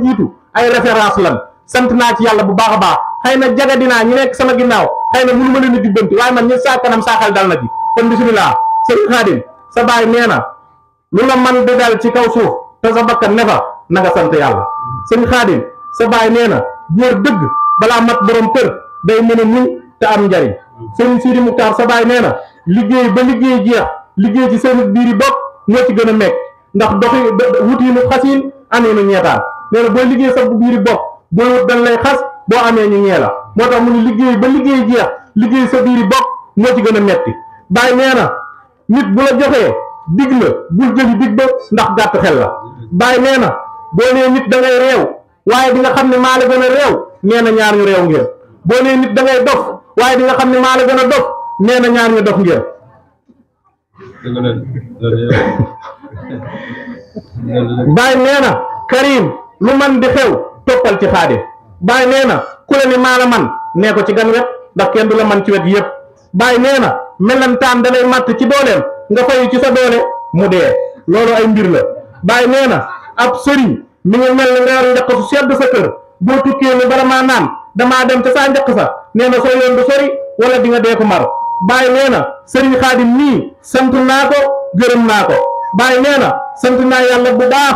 S3: ay référence lan sant na ci yalla bu baax baax jaga ñu nek sama ginnaw xeyna na mënu ma leen di jubbanti man ñu sa kanam saa xel dal na ci kon bismillah sëriñ khadim sa bay neena lu la man de dal ci kaw suuf ta sa bakkan nefa fa sant yalla sëriñ khadim sa bay neena na deug bala mat borom kër day mën a ta am jari sëriñ Sidi Muxtaar sa bay neena liggey ba liggey jeex liggey ci seen biiri bok ñoo ci mekk ndax doxi wutiinu xasin aneenu ñeetaan nee na boo liggéey sa biir bopp booy wut dañ lay xas boo amee ñu ñee la moo tax mu ne liggéey ba liggéey jeex liggéey sa biir bopp moo ci gën a metti bàyyi nee na nit bu la joxee dig la bul jëli dig ba ndax gàtt xel la bàyyi nee na boo nee nit da ngay réew waaye di nga xam ne maa la gën a réew nee na ñaar ñu réew ngeen boo nee nit da ngay waaye di nga xam ne maa la gën a na ñaar ñu dof baay nee na Karim lu man di xew toppal ci xaadim baay nee na ku la ni maa man nee ko ci gan wet ndax kenn du la man ci wet yépp baay nee na melentaan da lay màtt ci dooleem nga fayu ci sa doole mu dee loolu ay mbir la baay nee na ab sëriñ mi ngi mel ni nga yor njaq su boo tukkee ni maa naan damaa dem ca saa njaq sa nee na soo yoon du sori wala di nga dee ko mar baay nee na sëriñ xaadim nii sant naa ko gërëm naa ko bàyyi nee na sant naa yàlla bu baax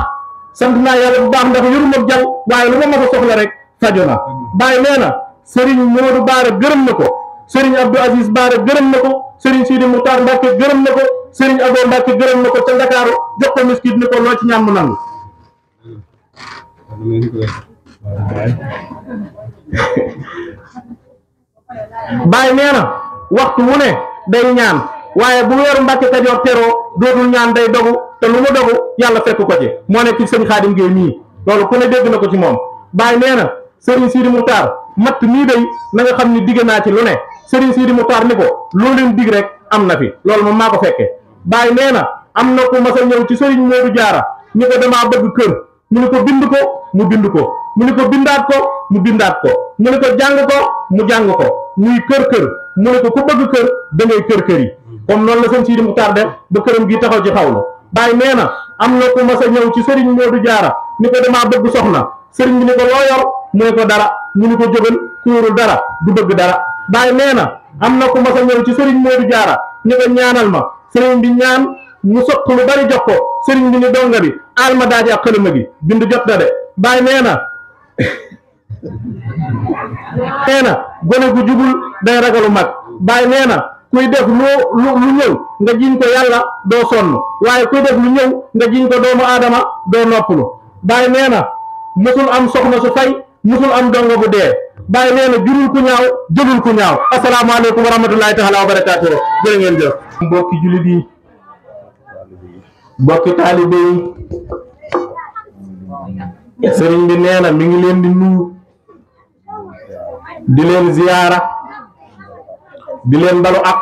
S3: sant naa yàlla bu baax ndax yoru ma jal waaye lu ma mas a soxla rek fajo na bàyyi nee na sëriñ Modou Baara gërëm na ko sëriñ Abdou Aziz Baara gërëm na ko sëriñ Sidi Moutar Mbacke gërëm na ko sëriñ Abo Mbacke gërëm na ko ca Ndakaaru jox ko miskit ni ko loo ci ñaan mu nangu bàyyi nee na waxtu wu ne day ñaan waaye bu weeru Mbacke Kajoor teroo dootul ñaan day dogu te lu mu dogu yàlla fekk ko ci moo nekk ci sëñ Xaadim Géey mii loolu ku ne dégg na ko ci moom Baay nee na Serigne Sidi Moutar matt mii day na nga xam ni digg naa ci lu ne Serigne Sidi Moutar ni ko loolu leen dig rek am na fi loolu moom maa ko fekkee Baay nee na am na ku mas a ñëw ci Serigne Modou jaara ñu ko damaa bëgg kër mu ni ko bind ko mu bind ko mu ni ko bindaat ko mu bindaat ko mu ni ko jàng ko mu jàng ko muy kër kër mu ni ko ku kër da kër kër yi comme noonu la sëñ Sidi Muxtaar def ba këram gi taxaw ci xawlu Baye nee na am na ku mas a ñëw ci sëriñ Modou Diarra ni ko damaa bëgg soxna sëriñ bi ni ko loo yor mooy ko dara mu ni ko jógal ku dara du bëgg dara Baye nee na am na ku mas a ñëw ci sëriñ Modou Diarra ni ko ñaanal ma sëriñ bi ñaan mu sott lu bari jox ko sëriñ bi ni donga bi aal ma daaji ak xalima bi bind jot na de Baye nee na
S1: nee
S3: na gone gu jubul day ragalu mag Baye nee na kuy def lu lu ñëw nga jiñ ko yàlla doo sonn waaye kuy def lu ñëw nga jiñ ko doomu aadama doo noppalu Baay nee na musul am soxna su fay musul am dongo bu dee Baay nee na jurul ku ñaaw jëlul ku ñaaw asalaamaaleykum wa rahmatullahi taala wa barakaatuhu jërë ngeen jëf mbokki jullit yi mbokki taalibe yi sëriñ bi nee na mi ngi leen di nuyu di leen ziyaara di len balu ak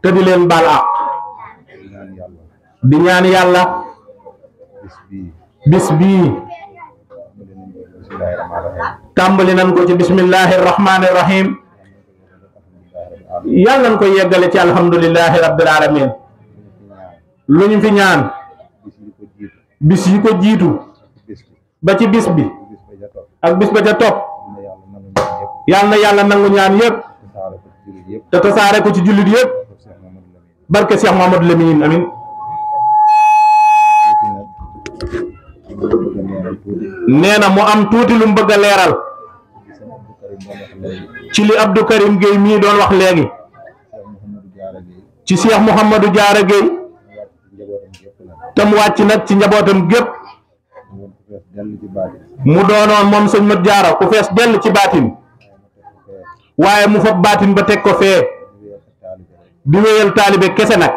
S3: te di len bal ak di ñaan yalla bis bi tambali nan ko ci bismillahir rahmanir rahim yalla nañ ko ci alhamdulillahi rabbil alamin luñu fi ñaan bis yi ko jitu ba ci bis bi ak bis ba ca top yalla yalla nangu ñaan yépp te tasaare ko ci jullit yëpp barke Cheikh Mamadou Lamine amin nee na mu am tuuti lu mu bëgg leeral ci li Abdou Karim Gueye mii doon wax léegi ci Cheikh Mouhamadou Diarra Gueye te mu wàcc nag ci njabootam gépp mu doonoon moom sëñ Mat jaaro ku fees dell ci baatin waaye mu fab baatin ba teg ko fee di wéyal taalibe kese nag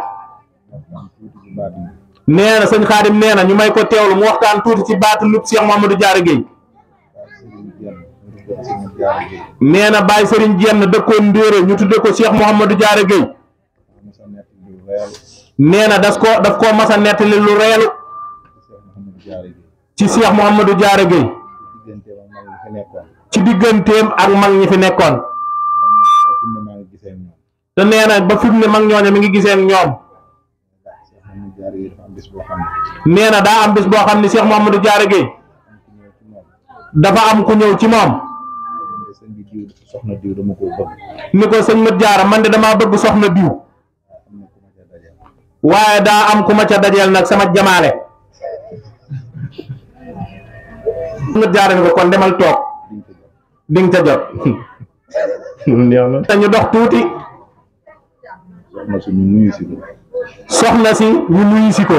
S3: nee na sëñ xaadim nee na ñu may ko teewlu mu waxtaan tuuti ci baatinu Cheikh Mouhamadou Diarra Guèye nee na Baye Serigne Jenn dëkkoon Ndéere ñu tudde ko Cheikh Mouhamadou Diarra Guèye nee na das ko daf koo mas a nettali lu reelu ci Cheikh Mouhamadou jaara Guèye ci digganteem ak mag ñi fi nekkoon te neena ba fu ne mag ñoo ne mi ngi giseen ñoom neena da am bis bo xamni cheikh mohamadou jaare gay dafa am ku ñew ci moom ni ko sëñ mat jaara man de dama bëgg soxna diiw waye da am ku ma ca dajel nak sama jamaale mat jaara ni ko kon demal tok ding nga ca jot
S2: ñu dox tuti soxna si ñu nuyu si ko. soxna si ñu nuyu si ko.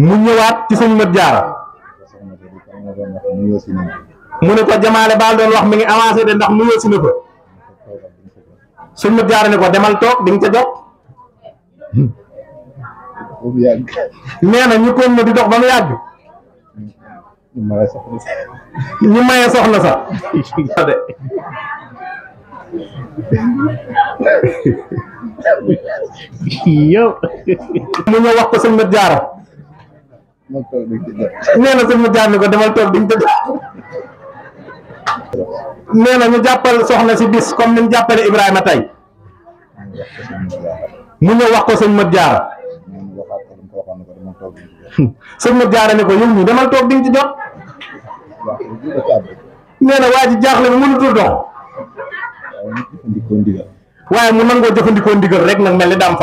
S3: mu ñëwaat ci sëñ Mat Jaara. mu mu ne ko jamaale baal doon wax mi ngi avancé de ndax nuyoo si na ko. sëñ Mat Jaara ne ko demal toog di nga ca jot. nee na ñu kon na di dox ba mu yàgg. ñu maye soxna sax. yow. mu ñëw wax ko sëñ Mat nee na sëñ Mat Jaara ni ko demal toog diñ tëdd. nee na ñu jàppal soxna si bis comme ni ñu jàppale Ibrahima tey. mu ñëw wax ko sëñ Mat Jaara. sëñ Mat Jaara ni ko yow demal toog diñ ci nee na waa ji jaaxle bi mënutul dox. jëfandikoo ndigal waaye mu nangoo jëfandikoo ndigal rek nag mel ni Dame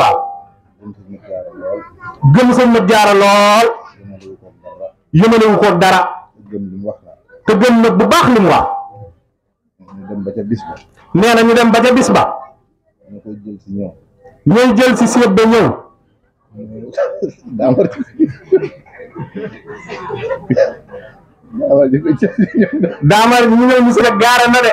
S3: gëm sëñ Mat Jaara lool yëmalewu ko dara te gëm nag bu baax li mu wax nee na ñu dem ba ca bis ba ñooy jël si séeb ba ñëw daamar ñu ñëw ñu si rek gaara na de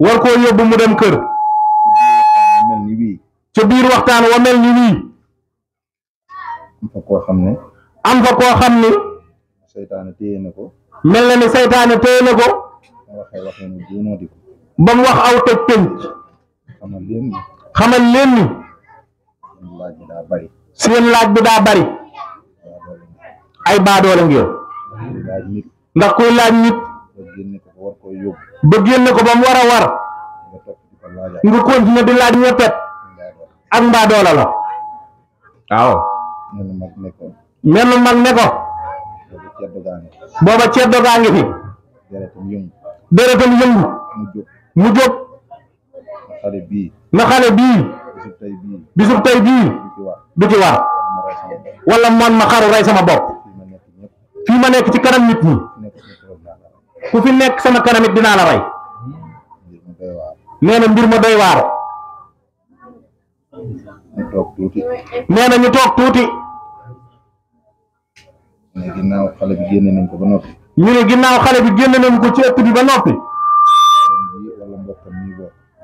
S3: war koo yóbbu mu dem kër ca biir waxtaan wa mel ni wii am fa koo xam ne am fa koo
S6: seytaane téye na ko
S3: mel na ni seytaane téye na ko ba mu wax aw toj penc xamal leen ni seen laaj bi daa bari ay baadoole ngeen ndax kuy laaj nit
S6: ba
S3: nako ko ba war a war nga continuer di laaj ñeppet ak mbaa doola la
S6: waaw menn mag ne ko booba ceddo gaa ngi fi
S3: deretam yëngu mu jóg na xale bii bisub tey bii du ci war wala man ma xaru sama bopp Si ma ketika ci kanam nit ku fi nek sama kanamit dina la ray neena mbir ma doy war neena ñu tok tuti ñu ne ginnaaw xale bi genn nañ ko ba noppi ñu ne ginnaaw xale bi genn nañ ko ci ëpp bi ba noppi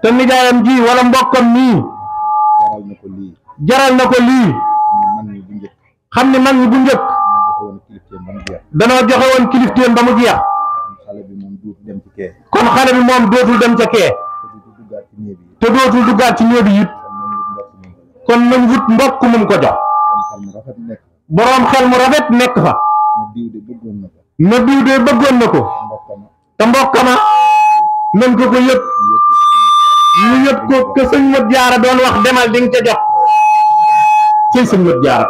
S3: te nijaayam ji wala mbokkam nii jaral na ko lii jaral na ko lii xam ne mag ñi bu njëkk danoo kilifteen ba mu jeex kon xale bi moom dootul dem ca kee te dootul duggaat ci néeg bi it kon nañ wut mbokk mun ko
S6: boroom xel mu rafet
S3: nekk fa na diw de bëggoon na ko te mbokkama nañ ko ko yëpp ñu yëpp ko ke sëñ mët jaara doon wax demal di nga ca jox ci sëñ mët jaara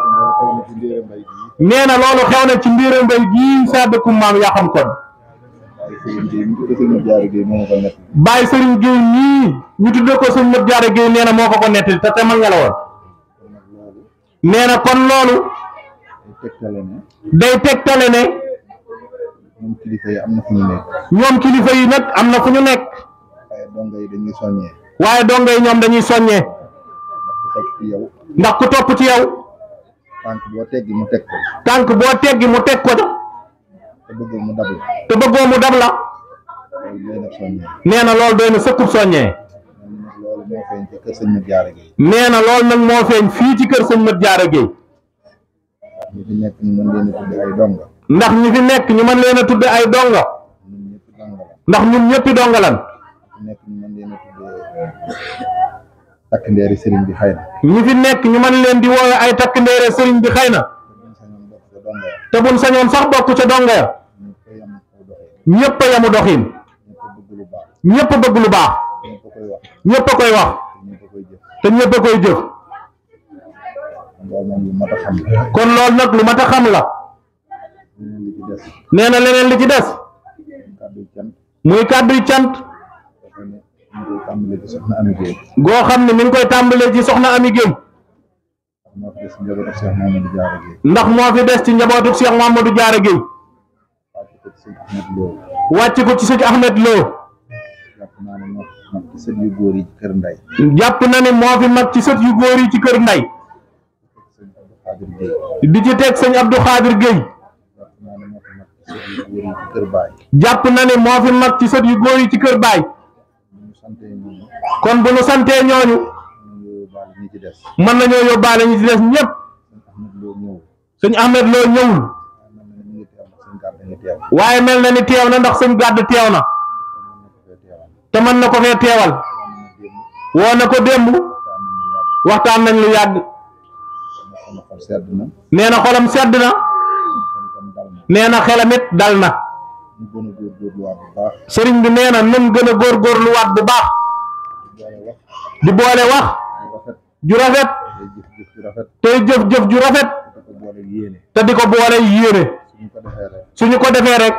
S3: nee na loolu xew ci mbiram mbay gii saa dëkku maam yaa xam bàyyi Serigne Gueye nii ñu tuddee ko sëñ Modou Diarra Gueye nee moo ko ko nettali te te mag nga la woon nee na kon loolu day tegtale ne
S6: ñoom kilifa yi na fu ñu
S3: nekk nag am na fu ñu
S6: nekk waaye donga yi dañuy soññee waaye donga ñoom dañuy soññee ndax ku topp ci yow tànk boo teggi mu teg ko tànk te bëggoo mu dab la te bëggoo mu dab
S3: nee na loolu doy na sëkkub soññee nee na loolu nag moo feeñ fii ci kër sëñ Mat Jaara Géey ndax ñi fi nekk ñu mën leen a tudde ay donga ndax ñun ñëppi donga lan ñi fi nekk ñu mën leen di woowe ay takk ndeere sëriñ bi xëy na te buñ sañoon sax bokku ca donga ya ñëpp a yamu doxin ñëpp bëgg lu baax ñepp koy wax te ñepp koy jëf kon lool nak lu mata xam la neena na leneen li ci dess muy kàdduy cant go xamni mi ngi koy tambalé ci soxna Ami Gueye moo fi des ci njabootu Cheikh Mamadou Diarra Gueye.
S6: ndax moo fi
S3: des wàcc ko ci sëñ Ahmed Lo. jàpp góor yi ci kër na ne moo fi mag ci sët yu góor yi ci kër Nday. di ci teg sëñ Abdou Khadir Gueye. jàpp na ne moo fi mag ci sët yu góor yi ci kër Baay. kon bu nu santee ñooñu. mën nañoo yóbbaale ñi ci des ñëpp sëñ Ahmed Lo ñëwul ah, waaye mel na ni teew na ndax sëñ gàdd teew na te mën na ko fee teewal woo na ko démb waxtaan nañ lu yàgg nee na xolam sedd na nee na xelam it dal na sëriñ bi nee na nun gën a góorgóorluwaat bu baax di boole wax jurafet rafet te jëf jëf ju rafet te diko boole yéene suñu ko defé rek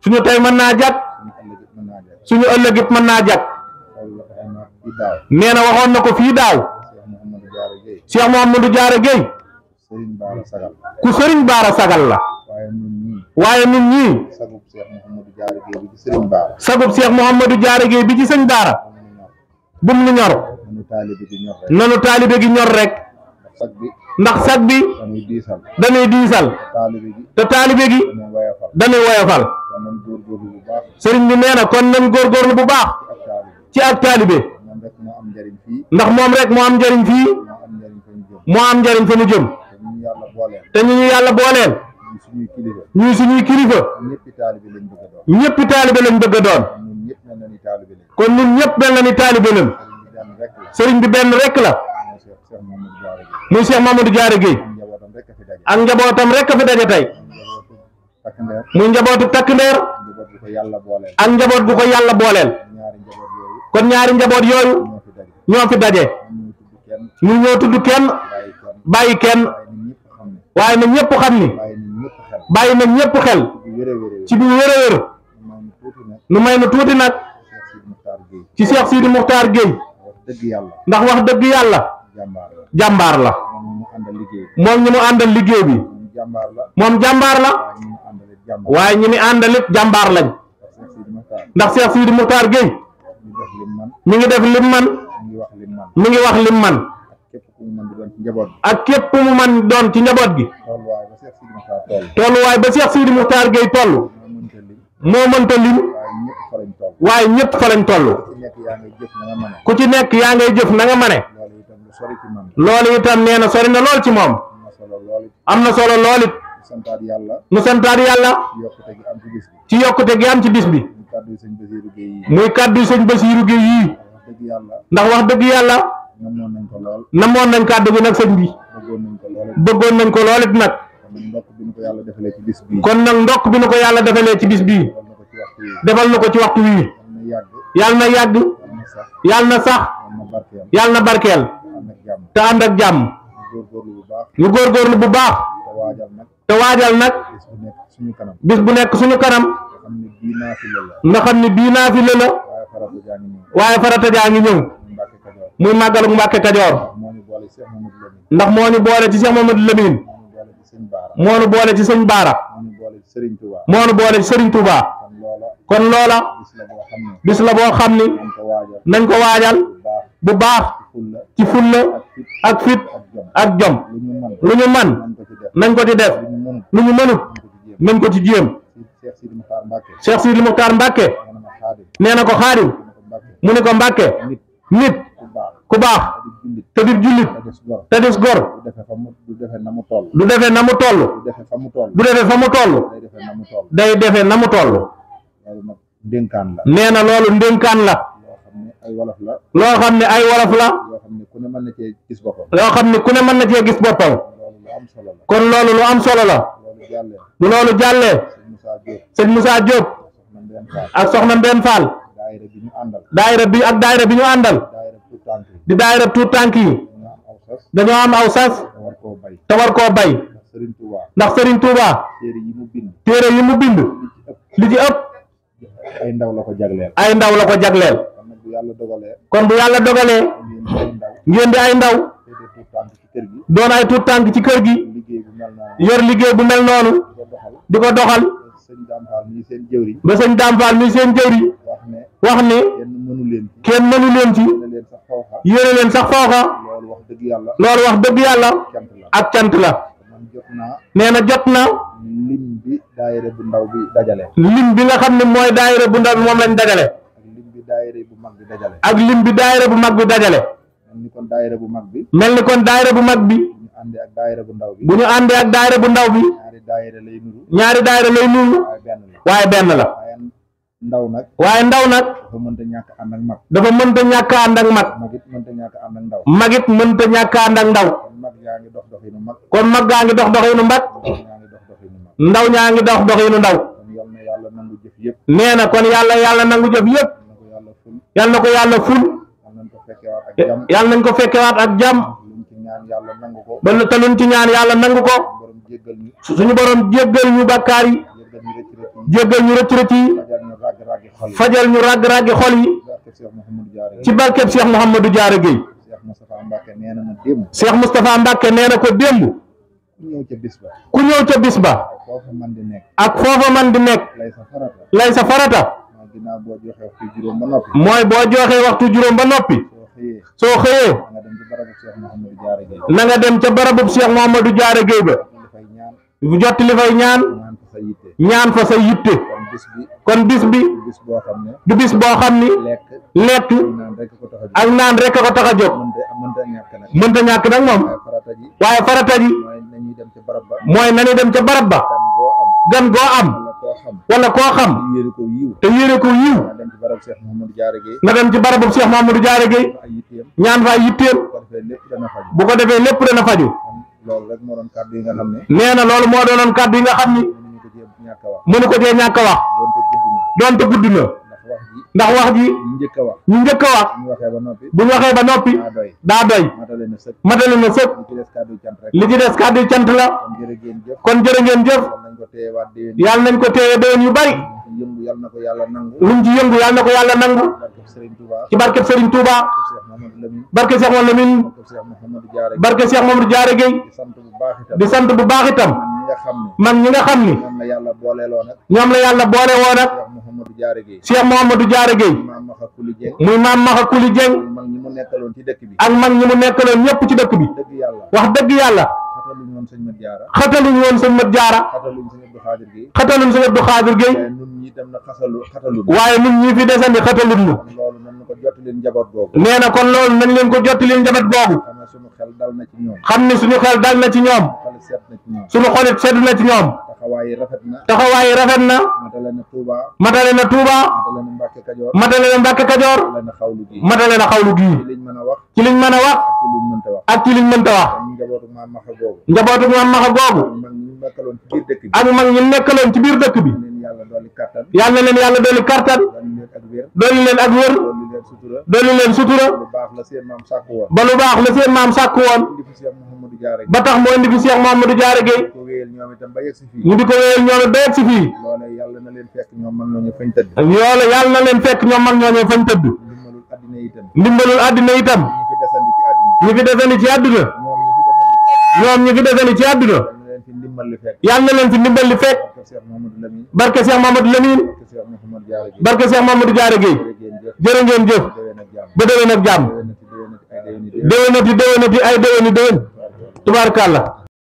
S3: suñu tay man na jag suñu ëllëg it mën naa jag nee na waxoon na ko Cheikh mohammed Diarra Gueye ku serigne bara sagal la waye nit ñi
S6: sagub Cheikh mohammed Diarra Gueye bi ci serigne bara
S3: cheikh mohammed bi ci serigne bara bu mu ñor nanu taalibe gi ñor rek ndax sag bi dañuy diisal te taalibe gi dañuy woyofal sëriñ bi nee na kon nan góorgóorlu bu baax ci ak taalibe ndax moom rek moo am njariñ fii moo am njëriñ fa mu jëm te ñu ñu yàlla booleel ñuy suñuy kilifa ñëpp taalibe lañ bëgg a doon kon ñun ñëpp mel na ni taalibe lañ sëriñ bi benn rek la muy Cheikh Mamadou Diarra Guèye ak njabootam rek a fi daje tey muy njabootu takk ndeer ak njaboot gu ko yàlla booleel kon ñaari njaboot yooyu ñoo fi daje ñu ñoo tudd kenn bàyyi kenn waaye na ñëpp xam ni bàyyi na ñëpp xel ci bu wér a wér nu may na tuuti nag ci Cheikh Sidi Muxtaar Guèye ndax wax deug yalla jambar la mom ñu andal liggey bi mom jambar la waaye ñi andal lepp jambar lañ ndax Cheikh Sidi Moukhtar geey mi ngi def lim man mi ngi wax lim man ak képp mu man doon ci njabot gi way ba Cheikh Sidi Moukhtar Gueye toll moo mënta lim waaye ñëpp fa lañ toll ku ci nekk yaa ngay jëf na nga mane loolu itam nee na sori na lool ci moom am na solo lool it
S6: nu santaat yàlla
S3: ci yokkute gi am ci bis bi muy kàddu sëñ Basiiru Géey yii ndax wax dëgg yàlla namoon nañ kàddu gi nag sëñ bi bëggoon nañ ko lool it nag kon nag ndokk bi nu ko yàlla defalee ci bis bii defal na ko ci waxtu wii yàlla na yàgg yàlla na sax
S6: yàlla na barkeel
S3: te ànd ak jàmm ñu góorgóorlu bu baax te waajal nag bis bu nekk suñu kanam nga xam ne bii naa fi la waaye farata jaa ngi ñëw muy màggalu Mbàkke Kajoor ndax moo ñu boole ci Cheikh Mamadou moo ñu boole ci sëñ Baara moo ñu boole ci Serigne Touba. kon lola bis la bo xamni nañ ko waajal bu baax ci fulle ak fit ak jom luñu man nañ ko ci def luñu manu nañ ko ci jéem Cheikh Sidi Muxtaar mbake neena ko xaadim mu ne ko mbake nit ku baax te dir julit te des gor
S6: du defé namu tollu du defé namu tollu du defe fa mu
S3: toll day defé namu tollu ndénkaan la na loolu ndénkaan la
S6: loo xam ne ay wolof la loo xam ne ku ne mën na
S3: cee gis boppam loo xam ne ku ne mën na cee gis boppam kon loolu lu am solo la bu loolu jàllee sëñ Moussa Diop ak soxna Mbène Fall daayira bi ak daayira bi ñu àndal di daayira tuut tànk yi dañoo am aw sas
S6: te war koo bay ndax Serigne Touba téere yi mu bind li ëpp ay ndaw la ko jagleel. ay ndaw la ko jagleel. kon bu yàlla dogalee. kon bu yàlla dogalee.
S3: ngeen di ay ndaw. doon ay tuut tànk ci kër gi.
S6: yor liggéey bu mel noonu. di ko doxal. ba
S3: sëñ Daamfaal mi seen jëwri. wax ne. kenn mënu leen ci. yéene leen sax foofa. loolu wax dëgg yàlla. ak cant la. nee na jot na.
S6: daayira bu ndaw bi dajale
S3: lim bi nga xam ne daayira bu ndaw bi moom lañ dajale ak
S6: lim bi daayira bu mag bi dajale
S3: ak lim dajale
S6: mel ni kon daayira bu mag bi mel ni kon daayira bu mag bi bu ñu àndee ak daayira bu ndaw bi bu ñu àndee ak daayira bu ndaw bi ñaari daayira lay
S3: nuru ñaari daayira lay nuru waaye benn la ndaw nag waaye ndaw nag dafa mënta ñàkk ànd ak mag dafa mënta ñàkk ànd ak mag
S6: magit mënta ñàkk ànd ak ndaw
S3: magit mënta ñàkk ànd ak ndaw mag yaa dox doxinu mag kon mag gaa dox doxinu mag ndaw ñaa ngi dox dox yi nu ndaw nee na kon yàlla yàlla nangu jëf yëpp yàlla na ko yàlla ful yàlla nañ ko fekkewaat ak jàmm ba te luñ ci ñaan yàlla nangu ko suñu borom jéggal ñu bàkkaar yi jéggal ñu rëcc rëcc yi fajal ñu ràgg ràggi xol yi ci barkeb Cheikh Mouhamadou Diarra Gueye Cheikh Moustapha Mbacke nee na ko démb ku ñew ci bis ba ak
S6: fofu man di nek lay sa farata moy bo joxe waxtu juroom ba
S3: nopi so xëyee na nga dem ci barabu Cheikh Mouhamadou jaare Gueye ba jot li fay ñaan ñaan fa sa yitte kon bis bi du bis bo xamni ni ak naan rek ko tax a jóg mënta ñàkk nag moom farata ji mooy nanu dem ca barab ba gan goo am
S6: wala koo xam
S3: te yéene ko yiw
S6: na dem ci barabu Cheikh Mamadou Diarra Gueye ñaan faa yitteem
S3: bu ko defee lépp dana faju
S6: nee na loolu moo doonoon kàddu
S3: yi nga xam ni mënu ko cee ñàkk a wax doonte gudd na ndax wax ji ñu njëkk a wax ñu njëkk a wax
S6: bu ñu waxee ba noppi daa doy
S3: matale na sëpp
S6: li ci des kàddu cant la kon jërë ngeen jëf yàlla
S3: nañ ko téye déwén yu bari luñ ci yëngu yàlla na ko yàlla nangu ci barkeb Serigne Touba barke Cheikh Mamadou Lamine barke Cheikh Mamadou Diarra Gueye di sant bu baax itam nga xam ne man ñi nga xam ni ñoom
S6: la yàlla boole
S3: woon ak ñoom la yàlla boole woon ak Cheikh Mouhamadou Diarra Gueye Cheikh Mouhamadou Diarra Gueye maam Maxa Kuli Dieng muy maam Maxa Kuli Dieng mag ñi mu nekkaloon ci dëkk bi ak mag ñi mu nekkaloon ñëpp ci dëkk bi wax dëgg yàlla xataluñ
S6: woon sëñ Mat Diarra
S3: xataluñ woon sëñ Mat Diarra
S6: xataluñ sëñ Abdou
S3: Khadir Gueye xataluñ sëñ Abdou Khadir Gueye
S6: nee na
S3: kon loolu nañ leen ko jotti leen njaboot googu
S6: xam ne suñu
S3: xel dal na ci ñoom
S1: suñu
S3: xolit sedd na ci ñoom taxawaay rafet na taxawaay a na matale a Touba matale na Touba
S6: matale na Mbàkke Kajoor matale na xawlu gii ci
S3: liñ mën a wax ak ci liñ mënta wax njabootu maam maxa googu ak mag ñi nekkaloon ci biir dëkk bi yàlla leen yàlla dolli kàttan dolli leen ak wér dolli leen sutura
S6: ba
S3: lu baax la seen maam sàkku woon
S6: ba tax moo indi fi Cheikh Mouhamadou Diarra Gueye ñu di ñu di ko wéyal ñoom ba yegg si fii loola yàlla na leen fekk ñoom man
S3: ñooñu fañ tëdd loola yàlla na leen fekk ñoom man ñooñu fañ tëdd ndimbalul addina itam ndimbalul addina itam ñu fi desandi ci àdduna ñoom ñu fi desandi ci àdduna yàlla na leen fi ndimbal li fekk barke Cheikh Mouhamadou Lamine barke Cheikh Mouhamadou Diarra Gueye jërë ngeen jëf ba déwén ak jàmm déwénati déwénati
S1: ay déwéni déwén tubaarkàlla